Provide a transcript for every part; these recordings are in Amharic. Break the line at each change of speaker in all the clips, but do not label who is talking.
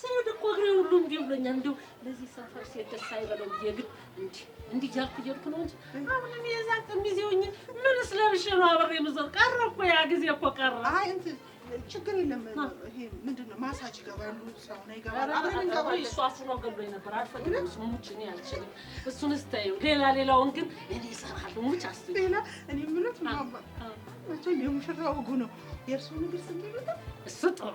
ሲሄድ እኮ እግሬ ሁሉ እንዲህ ብሎኛል። እንደው ለዚህ ሰፈር ሴት ደስ አይበለው የግድ እንዲህ እንዲህ እያልኩ እየሄድኩ ነው እንጂ አሁንም የዛን ቀን ጊዜውኝ ምንስ ለብሼ ነው አብሬ የምዞር? ቀረ እኮ ያ ጊዜ እኮ ቀረ። ችግር የለም። ይሄ ምንድን ነው ማሳጅ ይገባሉ፣ ሳውና ይገባሉ። እሱ አስሮ ገብሎኝ ነበር። አልፈልግም፣ እሱ ሙች እኔ አልችልም። እሱን እስታየው። ሌላ ሌላውን ግን እኔ እሰራለሁ። ሙች አስ ሌላ እኔ የምልህ የሙሽራው ጉ ነው የእርሱ ንግር ስንት እሱ ጥሩ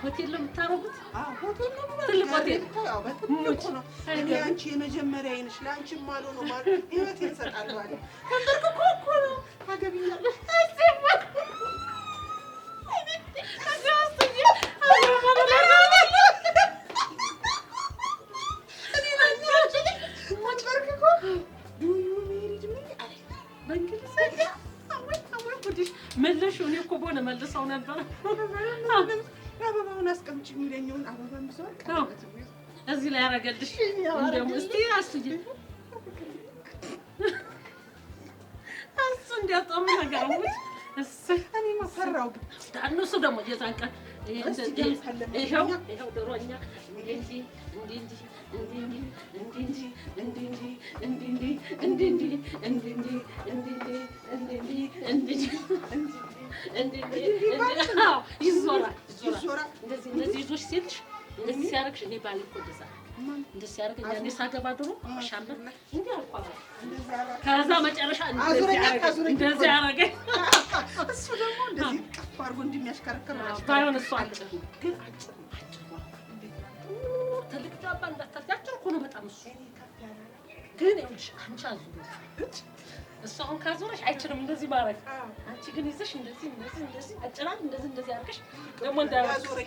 ሆቴል ነው የምታረጉት? ሆቴል ነው ትልቅ ሆቴል ነው። አንቺ የመጀመሪያ አይነሽ ለአንቺ ማሎ ነው ማለት ህይወት ይሰጣለዋል። ተንበርክኮ እኮ ነው ታገቢኛለሽ እዚህ ላይ ያደረገልሽ እሱ ደግሞ የዛን ቀን ይኸው ድሮኛ እንዲህ እንዲህ እንዲህ ባል እኮ እንደዛ እንደዚህ ያደርገኛል። እኔ ሳገባ ድሮ ሻምበር እንዲህ አልኳት። ከዛ መጨረሻ እንደዚህ ያደረገኝ እሱ ደግሞ እንደዚህ ቀፍ አድርጎ እንደሚያሽከረክር ባይሆን እሱ አጭር ግን አጭር ትልቅ ዳባ እንዳታርጋቸው እኮ ነው በጣም እሱ ግን አንቺ አዙረች እሱ አሁን ካዞረሽ አይችልም እንደዚህ ማድረግ። አንቺ ግን ይዘሽ እንደዚህ እንደዚህ እንደዚህ አጭራል እንደዚህ እንደዚህ አድርገሽ ደግሞ እንዳያዞረኝ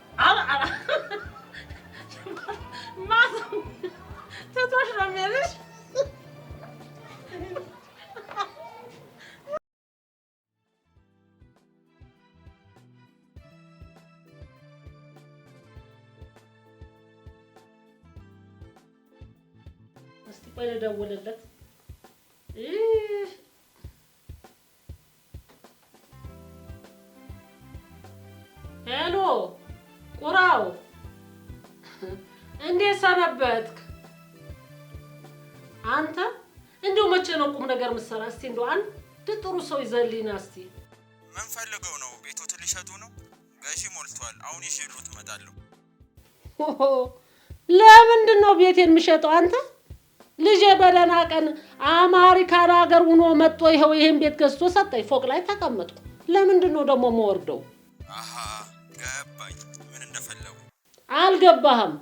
알아 알아. 마성 테토시라면은 እስቲ ቆይ ልደውልለት። ልትሰራ? እስቲ እንደው አንድ ጥሩ ሰው ይዘልኝ ና እስቲ።
ምን ፈልገው ነው? ቤቶት ሊሸጡ ነው? ገዢ ሞልቷል። አሁን ይሽሉ ትመጣለሁ።
ለምንድን ነው ቤቴን የምሸጠው? አንተ ልጄ በደህና ቀን አማሪካን ሀገር ሆኖ መጥቶ ይኸው ይህን ቤት ገዝቶ ሰጠኝ። ፎቅ ላይ ተቀመጥኩ። ለምንድን ነው ደግሞ መወርደው?
አሀ ገባኝ። ምን እንደፈለጉ
አልገባህም።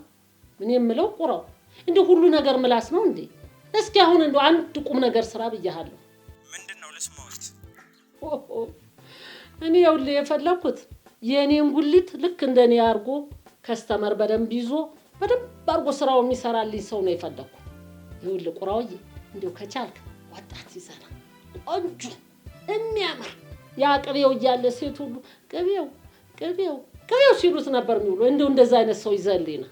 እኔ የምለው ቁረው እንዲህ ሁሉ ነገር ምላስ ነው እንዴ? እስኪ አሁን እንደው አንድ ቁም ነገር ስራ ብያሃለሁ። መስማት እኔ ያውል የፈለኩት የእኔን ጉሊት ልክ እንደ እኔ አርጎ ከስተመር በደንብ ይዞ በደንብ አርጎ ስራው የሚሰራልኝ ሰው ነው የፈለኩ። ይውል ቁራውዬ እንዲሁ ከቻልክ ወጣት ይዘና ቆንጆ የሚያምር ያ ቅቤው እያለ ሴት ሁሉ ቅቤው ቅቤው ቅቤው ሲሉት ነበር የሚውሉ። እንዲሁ እንደዛ አይነት ሰው ይዘልና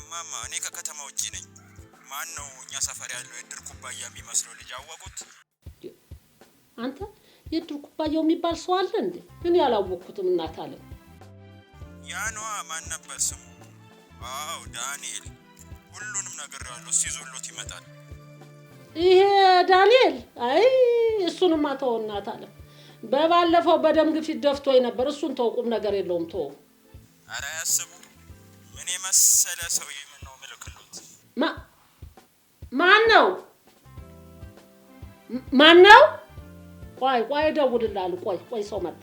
እማማ፣ እኔ ከከተማ ውጭ ነኝ። ማን ነው እኛ ሰፈር ያለው የድር ኩባያ የሚመስለው ልጅ አወቁት?
አንተ የእድር ኩባያው የሚባል ሰው አለ እንዴ? እኔ ያላወቅኩትም። እናት አለ
ያ ነዋ። ማን ነበር ስሙ? አዎ ዳንኤል። ሁሉንም ነገር ያለው እሱ ይዞሎት ይመጣል።
ይሄ ዳንኤል። አይ እሱንማ ተወው። እናት አለ በባለፈው በደም ግፊት ደፍቶ ነበር። እሱን ተው፣ ቁም ነገር የለውም ተወው።
አረ ያስቡ። ምን የመሰለ ሰውዬ! ምን ነው ምልክሉት?
ማን ነው? ማን ነው? ቆይ ቆይ እደውልልሃለሁ። ቆይ ቆይ፣ ሰው መጣ።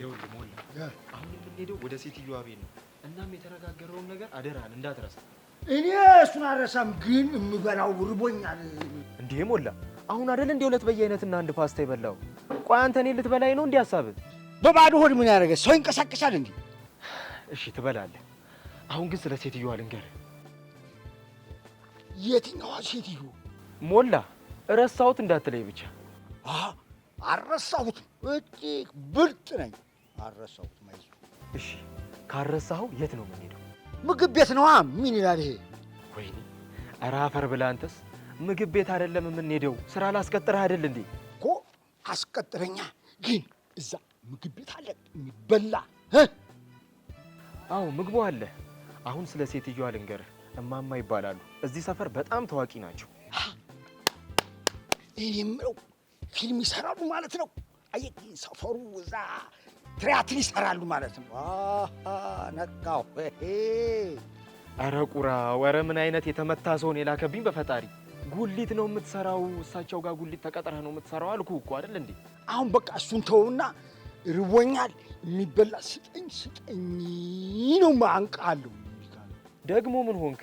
ይኸውልህ ሞላ፣ አሁን የምንሄደው ወደ ሴትዮዋ ቤት ነው። እናም የተነጋገረውን ነገር አደራህን እንዳትረሳ።
እኔ እሱን አረሳም፣ ግን የምበላው ርቦኛል።
እንዲህ ሞላ፣ አሁን አደል እንዲህ ሁለት በየአይነት አንድ ፓስታ የበላው? ቆይ አንተ ልትበላኝ ነው? እንዲህ ሀሳብህ
በባዶ ሆድ ምን ያደረገ ሰው ይንቀሳቀሳል? እንዲህ
እሺ፣ ትበላለህ። አሁን ግን ስለ ሴትዮዋ ልንገርህ።
የትኛዋ ሴትዮ
ሞላ? እረሳሁት እንዳትለይ ብቻ።
አረሳሁት። እጅግ ብልጥ ነኝ። አረሳሁት። ማይዙ
እሺ፣ ካረሳኸው የት ነው የምንሄደው?
ምግብ ቤት ነዋ። ምን ይላል ይሄ?
ወይኔ ኧረ አፈር ብላ አንተስ። ምግብ ቤት አይደለም የምንሄደው። ስራ ላስቀጥረህ አይደል እንዴ?
እኮ አስቀጥረኛ። ግን እዛ ምግብ ቤት አለ የሚበላ።
አዎ ምግቡ አለ። አሁን ስለ ሴትዮዋ ልንገርህ። እማማ ይባላሉ። እዚህ ሰፈር በጣም ታዋቂ ናቸው።
ይህ የምለው ፊልም ይሰራሉ ማለት ነው። አየህ ሰፈሩ እዛ ትሪያትን ይሰራሉ ማለት ነው። ነቃው።
አረ ቁራ ወረ ምን አይነት የተመታ ሰው ነው የላከብኝ በፈጣሪ ጉሊት ነው የምትሰራው። እሳቸው ጋር ጉሊት ተቀጥረህ ነው የምትሰራው አልኩ እኮ አይደል እንዴ?
አሁን በቃ እሱን ተውና ርቦኛል፣ የሚበላ ስጠኝ ስጠኝ ነው ማንቃሉ።
ደግሞ ምን ሆንክ?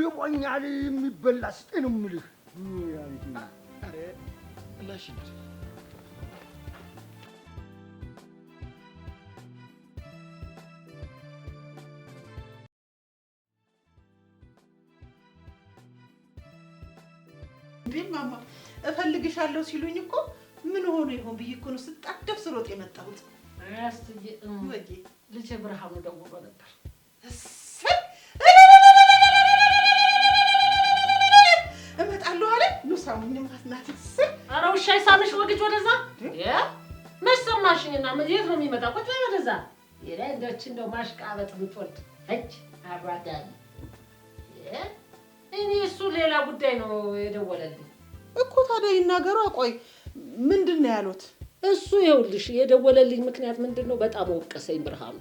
ርቦኛል፣ የሚበላ ስጠኝ ነው የምልህ።
እንዴ ማማ እፈልግሻለሁ ሲሉኝ እኮ ምን ሆኖ ይሆን ብዬ እኮ ነው ስጣደፍ ስሮጥ የመጣሁት። ልጄ ብርሃኑ ደውሎ ነበር። እመጣለሁ አለ። ኑ ሳሙኝ ኧረ ውሻ ይሳምሽ ወግጅ ወደዛ መች ሰማሽኝና፣ የት ነው የሚመጣ? ቁጭ እንደው ማሽቃበጥ እጅ እኔ እሱ ሌላ ጉዳይ ነው የደወለልኝ እኮ። ታዲያ ይናገሯ። ቆይ ምንድን ነው ያሉት? እሱ ይኸውልሽ የደወለልኝ ምክንያት ምንድን ነው? በጣም ወቀሰኝ ብርሃኑ።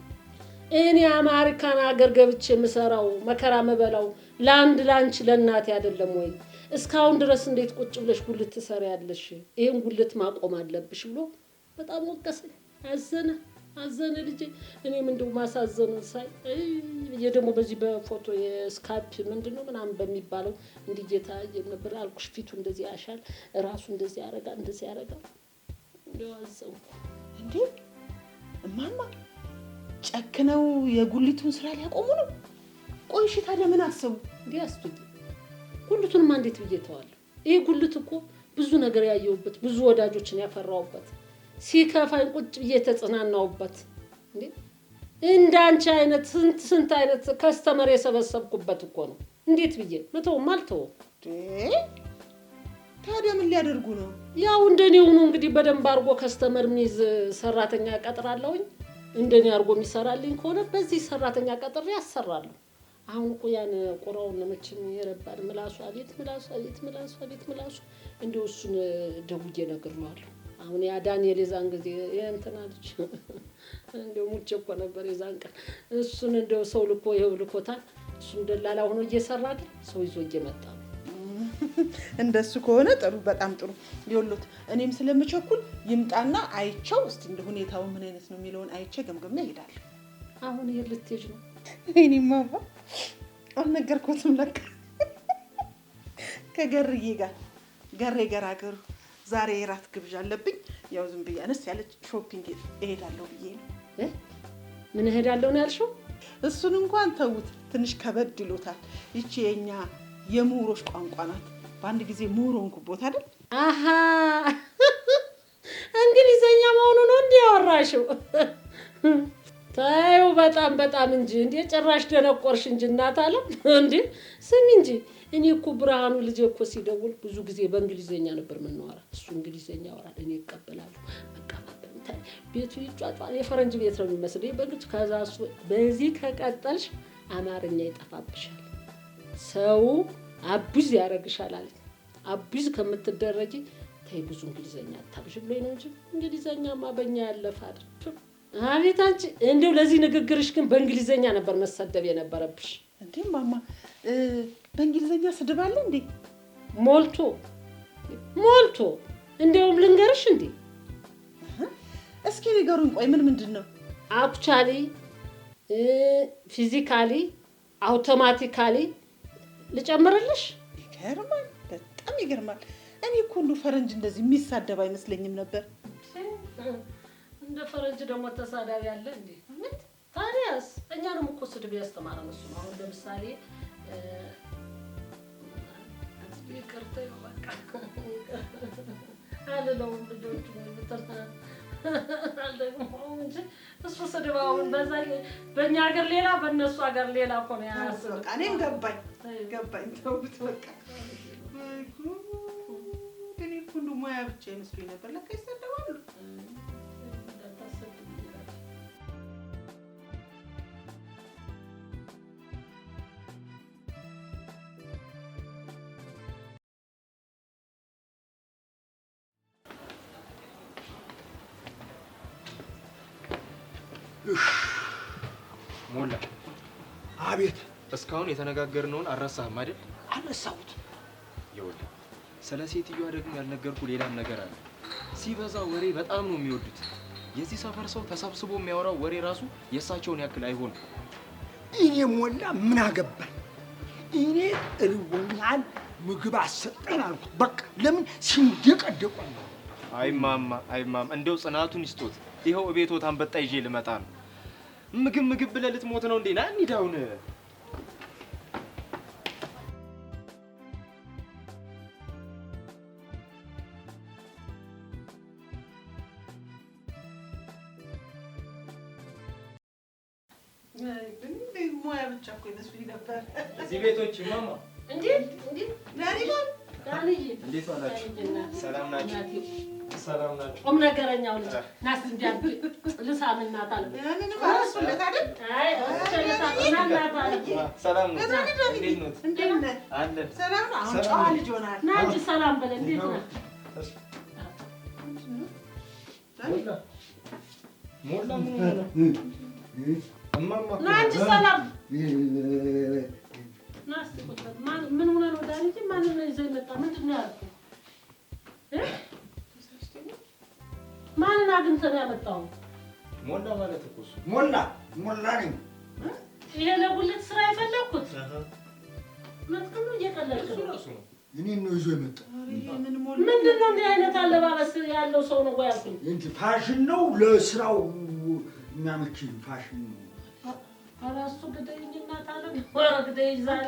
እኔ አሜሪካን ሀገር ገብቼ የምሰራው መከራ ምበላው ለአንድ ለአንቺ ለእናቴ አይደለም ወይ? እስካሁን ድረስ እንዴት ቁጭ ብለሽ ጉልት ትሰሪያለሽ? ይህን ጉልት ማቆም አለብሽ ብሎ በጣም ወቀሰኝ፣ አዘነ። አዘነ ልጄ። እኔም እንደው ማሳዘኑን ሳይ ደግሞ በዚህ በፎቶ የስካፕ ምንድነው ምናምን በሚባለው እንዲህ እየታየ ነበር አልኩሽ። ፊቱ እንደዚህ ያሻል፣ ራሱ እንደዚህ ያረጋ፣ እንደዚህ ያረጋ። እንደው አዘንኩ። እንዴ እማማ ጨክነው የጉሊቱን ስራ ሊያቆሙ ነው? ቆይ እሺ ታዲያ ምን አሰቡ? እንዲህ አስቱኝ። ጉልቱንማ እንዴት ብዬ ተዋለሁ። ይሄ ጉልት እኮ ብዙ ነገር ያየሁበት ብዙ ወዳጆችን ያፈራሁበት ሲከፋኝ ቁጭ ብዬ ተጽናናውበት። እንዳንቺ አይነት ስንት ስንት አይነት ከስተመር የሰበሰብኩበት እኮ ነው። እንዴት ብዬ ልተውም አልተውም። ታዲያ ምን ሊያደርጉ ነው? ያው እንደኔ ሆኖ እንግዲህ በደንብ አድርጎ ከስተመር ሚዝ ሰራተኛ ቀጥራለሁኝ። እንደኔ አድርጎ የሚሰራልኝ ከሆነ በዚህ ሰራተኛ ቀጥሬ ያሰራሉ አሁን እኮ ያን ቁራውን መቼም የረባን ምላሱ አቤት ምላሱ አቤት ምላሱ አቤት ምላሱ እንደው እሱን ደውዬ ነግሬዋለሁ። አሁን ያ ዳንኤል የዛን ጊዜ እንትና ልጅ እንደው ሙቼ እኮ ነበር የዛን ቀን እሱን እንደው ሰው ልኮ ይኸው ልኮታል። እሱም ደላላ ሆኖ እየሰራ አይደል ሰው ይዞ እየመጣ ነው። እንደሱ ከሆነ ጥሩ፣ በጣም ጥሩ። ይኸውልዎት እኔም ስለምቸኩል ይምጣና አይቸው እስቲ እንደ ሁኔታው ምን አይነት ነው የሚለውን አይቼ ገምገም እሄዳለሁ። አሁን ይሄ ልትሄጂ ነው? እኔማ አልነገርኩትም ለካ ከገርዬ ጋር ገሬ ገራገሩ ዛሬ የራት ግብዣ አለብኝ። ያው ዝም ብዬ አነስ ያለች ሾፒንግ እሄዳለሁ ብዬ ነው። ምን እሄዳለሁ ነው ያልሽው? እሱን እንኳን ተዉት፣ ትንሽ ከበድ ይሎታል። ይቺ የእኛ የምሁሮች ቋንቋ ናት። በአንድ ጊዜ ምሁር ሆንኩቦት አይደል? አሀ እንግሊዘኛ መሆኑ ነው እንዲ ያወራሽው? ተይው፣ በጣም በጣም እንጂ እንዴ! ጭራሽ ደነቆርሽ እንጂ እናት አለ እንዴ! ስሚ እንጂ እኔ እኮ ብርሃኑ ልጄ እኮ ሲደውል ብዙ ጊዜ በእንግሊዝኛ ነበር የምናወራ። እሱ እንግሊዝኛ ወራል፣ እኔ እቀበላለሁ። መቀባበል ቤቱ ይጫጫል። የፈረንጅ ቤት ነው የሚመስለው በሉት። ከዛ እሱ በዚህ ከቀጠልሽ አማርኛ ይጠፋብሻል፣ ሰው አቢዝ ያደርግሻል አለ። አቢዝ ከምትደረጊ ተይ ብዙ እንግሊዝኛ አታብዥ ብሎኝ ነው እንጂ እንግሊዝኛማ በእኛ ያለፋል። አቤት አንቺ እንዲሁ ለዚህ ንግግርሽ ግን በእንግሊዝኛ ነበር መሰደብ የነበረብሽ እንዴ ማማ በእንግሊዝኛ ስድብ አለ እንዴ? ሞልቶ ሞልቶ። እንዲያውም ልንገርሽ እንዴ እስኪ ንገሩኝ። ቆይ ምን ምንድን ነው? አኩቻሊ፣ ፊዚካሊ፣ አውቶማቲካሊ ልጨምርልሽ። ይገርማል፣ በጣም ይገርማል። እኔ እኮ ፈረንጅ እንደዚህ የሚሳደብ አይመስለኝም ነበር። እንደ ፈረንጅ ደግሞ ተሳዳቢ አለ እንዴ? ታዲያስ እኛንም እኮ ስድብ ያስተማረ መስሉ። አሁን ለምሳሌ ይቅርታ አልለውም። ልጆቹ እሱ ስድብ አሁን በዛ በእኛ ሀገር ሌላ በእነሱ ሀገር ሌላ እኮ ነው ገባኝ ገባኝ። ተውት በቃ ግን እኮ እንደው ሙያ ብቻ ይመስሉኝ ነበር ለካ ይሰደባሉ።
ሞላ አቤት እስካሁን የተነጋገርነውን አልረሳህም አይደል አልረሳሁት ይኸውልህ ስለ ሴትዮዋ ደግሞ ያልነገርኩህ ሌላም ነገር አለ ሲበዛ ወሬ በጣም ነው የሚወዱት የዚህ ሰፈር ሰው ተሰብስቦ የሚያወራው ወሬ ራሱ የእሳቸውን ያክል አይሆንም
እኔ ሞላ ምን አገባኝ እኔ እርቦኛል ምግብ አሰጠኝ አልኩት በቃ ለምን ሲንደቀደቁ ነው
አይማማ አይማማ፣ እንደው ጽናቱን ይስጡት። ይኸው እቤት ወታን በጣ ይዤ ልመጣ ነው። ምግብ ምግብ ብለህ ልትሞት ነው እንዴ? ና እንሂድ አሁን። እንዴት ዋላችሁ? ሰላም ናችሁ?
ቁም ነገረኛው ልጅ ናት። እንዲያ ልሳም እናት ሰላም በለ። እንዴት ነህ? ናንቺ ሰላም ምን ሆነ ነው? ዳኒ ማንን ነው ይዘህ የመጣ ምንድን ነው ያልኩህ? ማና ድምፅ ነው ያመጣው?
ሞላ ማለት እኮ እሱ ሞላ ሞላ ነኝ።
ይሄ ለጉልት ስራ የፈለግኩት መጥቅም ነው።
ነው ይዞ የመጣው
ምንድን ነው? እንዲህ አይነት አለባበስ ያለው ሰው ነው ያልኩኝ።
ፋሽን ነው ለስራው የሚያመች ፋሽን ነው።
እራሱ እናት አለ ወረ ዛሬ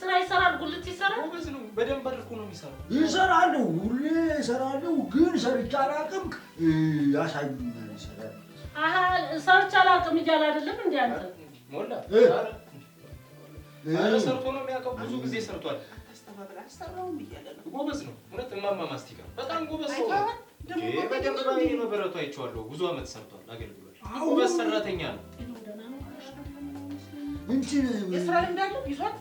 ስራ ይሰራል፣ ጉልት
ይሰራል። በደንብ አድርጎ ነው የሚሰራው።
ይሰራሉ፣ ሁሌ ይሰራሉ። ግን ሰርቼ አላውቅም። ያሳዩኝ
ሰርቼ አላውቅም እያለ አይደለም እንደ አንተ
ሞላ ሰርቶ ነው የሚያውቀው። ብዙ ጊዜ ሰርቷል።
አስተባብላ አሰራውም
ጎበዝ ነው እውነት። እማማ ማስቲካ በጣም ጎበዝ ሰው በደንብ በበረቱ አይቼዋለሁ። ብዙ አመት ሰርቷል፣ አገልግሏል። ጎበዝ ሰራተኛ ነው።
እንትን
የስራ ይዟል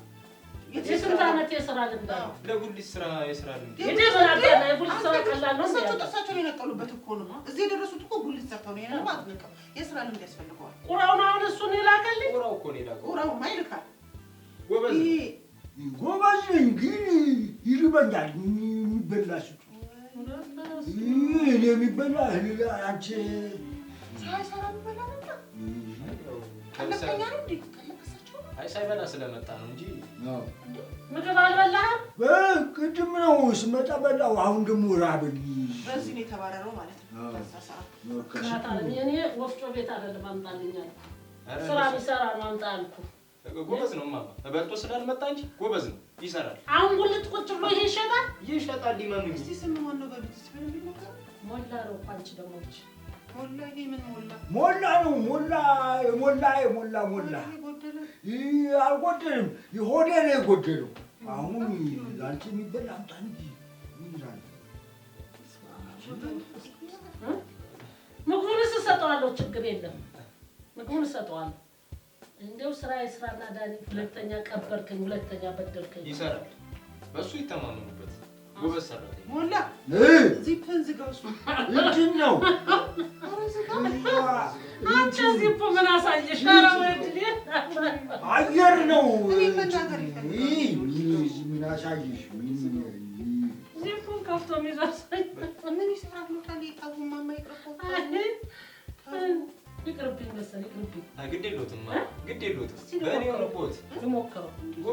የስንት ዓመት የስራ ልምድ አለው?
ለጉሊት ስራ የስራ ልምድ
የጉሊት ስራ ቀላል ነው። ጥርሳቸውን የነቀሉበት እኮ ነው። እዚህ የደረሱት እኮ ጉሊት ሰርተው ነው። ይሄን አትነቀም። የስራ ልምድ ያስፈልገዋል። ቁራውን አሁን እሱን ይላከልኝ።
ቁራው እኮ ነው የላከው።
ቁራውማ ይልካል።
ጎበዝ
ጎበዝ። ግን ይርበኛል። የሚበላ ስጡ የሚበላ አንቺ
ሳይሰራ የሚበላ ነበር። ቀለበኛ ነው እንዴ?
አይ ሳይበላ ስለመጣ ነው እንጂ
ምግብ አልበላህም?
ቅድም ነው ስመጣ በላሁ። አሁን ደግሞ ራበኝ።
በዚህ ነው የተባረረው ማለት ነው። እኔ ወፍጮ ቤት አይደለም አምጣልኝ አልኩህ። ስራ ቢሰራ ነው አምጣ አልኩህ።
ጎበዝ ነው ማማ፣ በልጦ ስላልመጣ እንጂ ጎበዝ ነው፣ ይሰራል።
አሁን ጉልጥ ቁጭ ብሎ ይሄ ይሸጣል፣
ይሸጣል። ሊመምኝ እስቲ
ስም ማን በሉት ሞላ ነው። አንቺ
ሞላ ነው ሞላ የሞላ የሞላ ሞላ አልጎደልም። ሆዴ ነው የጎደለው። አሁን ላንቺ የሚበላ አምጣ እንጂ
ምግቡን እሰጠዋለሁ። ችግር የለም። ምግቡን እሰጠዋለሁ። እንደው ስራ የስራና ዳኒ ሁለተኛ ቀበርከኝ፣ ሁለተኛ በደልክኝ።
ይሰራል። በእሱ ይተማመኑ
ሞላ ምን አሳየሽ?
አየር ነው ምን አሳየሽ?
ዚፑን ከፍቶ ምን ይሰራል? ይቅርብኝ መሰለኝ፣
ግድ የለውም፣ ግድ የለውም።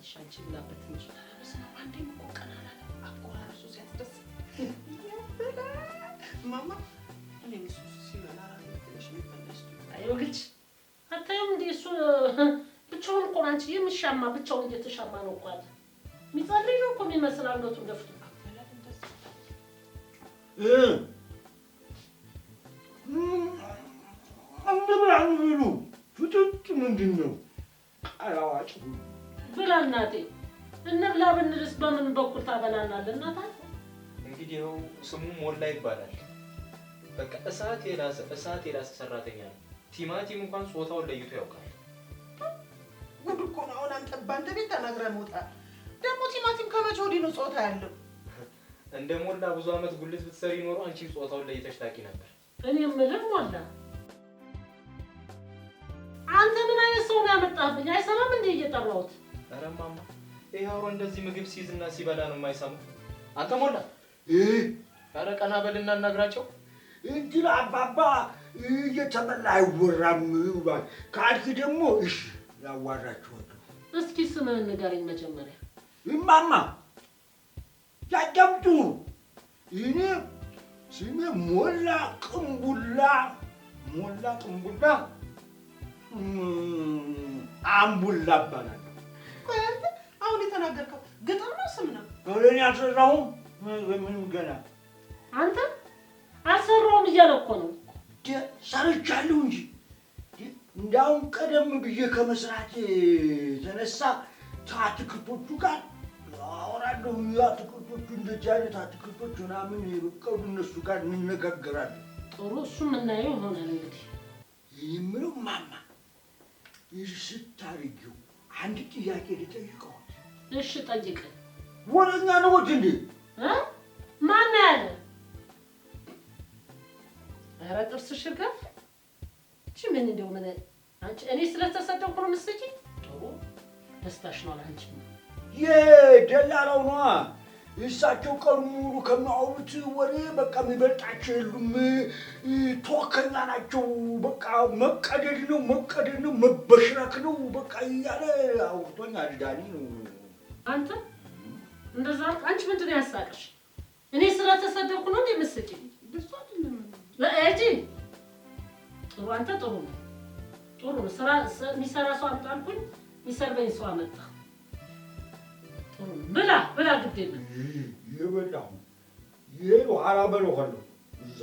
በእናትሽ አንቺ ብላበት እንጂ አንዴም እኮ ቀና አቆራረሱ ሲያስደስት ማማ አታየም እንደ እሱ ብቻውን እኮ አንቺ የሚሻማ ብቻውን እየተሻማ ነው እኮ አለ ነው እኮ የሚመስል አንገቱን ደፍቶ
አንድ ብላ ፍጥጥ ምንድን ነው ቀላዋጭ
ብላ እናቴ እንብላ ብንልስ በምን በኩል ታበላናለህ? እናታ
እንግዲህ ስሙ ሞላ ይባላል። በቃ እሳት የራሰ እሳት የላሰ ሰራተኛ ነው። ቲማቲም እንኳን ጾታውን ለይቶ ያውቃል።
ጉድ እኮ ነው። አሁን አንተ ባንተ ቤት ተናግረህ መውጣት ደግሞ ቲማቲም ከመቼ ወዲህ ነው ጾታ ያለው?
እንደ ሞላ ብዙ አመት ጉልት ብትሰሪ ኖሮ አንቺም ጾታውን ለይተሽ ታውቂ ነበር።
እኔ የምልህ ሞላ አንተ ምን አይነት ሰው ነው ያመጣህብኝ? አይሰማም እንዴ እየጠራሁት
ኧረ እማማ ይሄ አውሮ እንደዚህ ምግብ ሲይዝና ሲበላ ነው የማይሰማው። አንተ ሞላ ኧረ ቀና በልና እናግራቸው
እንጂ አባባ እየተበላ አይወራም። ካልክ ደግሞ እሺ
እስኪ ስምህን ንገረኝ መጀመሪያ።
እማማ ያዳምጡ። እኔ ስሜ ሞላ ሞላ አምቡላ እባላለሁ።
አሁን የተናገርከው ግጥም ነው ስም ነው?
እኔ አልሰራሁም። ምንም ገና
አንተ አልሰራሁም እያለ እኮ ነው።
ሰርቻለሁ እንጂ እንዲያውም ቀደም ብዬ ከመስራት የተነሳ አትክልቶቹ ጋር አወራለሁ። አትክልቶቹ እንደዚህ አይነት አትክልቶች ምናምን በቀሉ እነሱ ጋር እንነጋገራለን።
ጥሩ፣ እሱ የምናየው ይሆናል። እንግዲህ
የምለው ማማ ይህ ስታርጊው አንድ ጥያቄ ልጠይቀው። እሺ ጠይቅ። ወረኛ ነው ወድ እንዴ?
ማን ያለ? ኧረ ጥርስሽ ጋር እቺ ምን እንደው ምን አንቺ እኔ ስለተሰደብኩ ነው። ምስጪ ጥሩ ደስታሽ ነው ለአንቺ።
የደላላው ነዋ እሳቸው ቀኑ ሙሉ ከሚያወሩት ወሬ በቃ የሚበልጣቸው የሉም። ተወከላ ናቸው። በቃ መቀደድ ነው መቀደድ ነው መበሽረክ ነው በቃ እያለ አውርቶኝ አድዳኒ ነው።
አንተ እንደዛ አንቺ ምንድን ነው ያሳቅሽ? እኔ ስለተሰደብኩ ነው እንዴ እጂ ጥሩ አንተ ጥሩ ነው ጥሩ ስራ የሚሰራ ሰው አምጣልኩኝ፣ የሚሰርበኝ ሰው አመጣ ብላ ብላ ግዴ ነው
የበላሁ ይሄ ኋላ በለው እዛ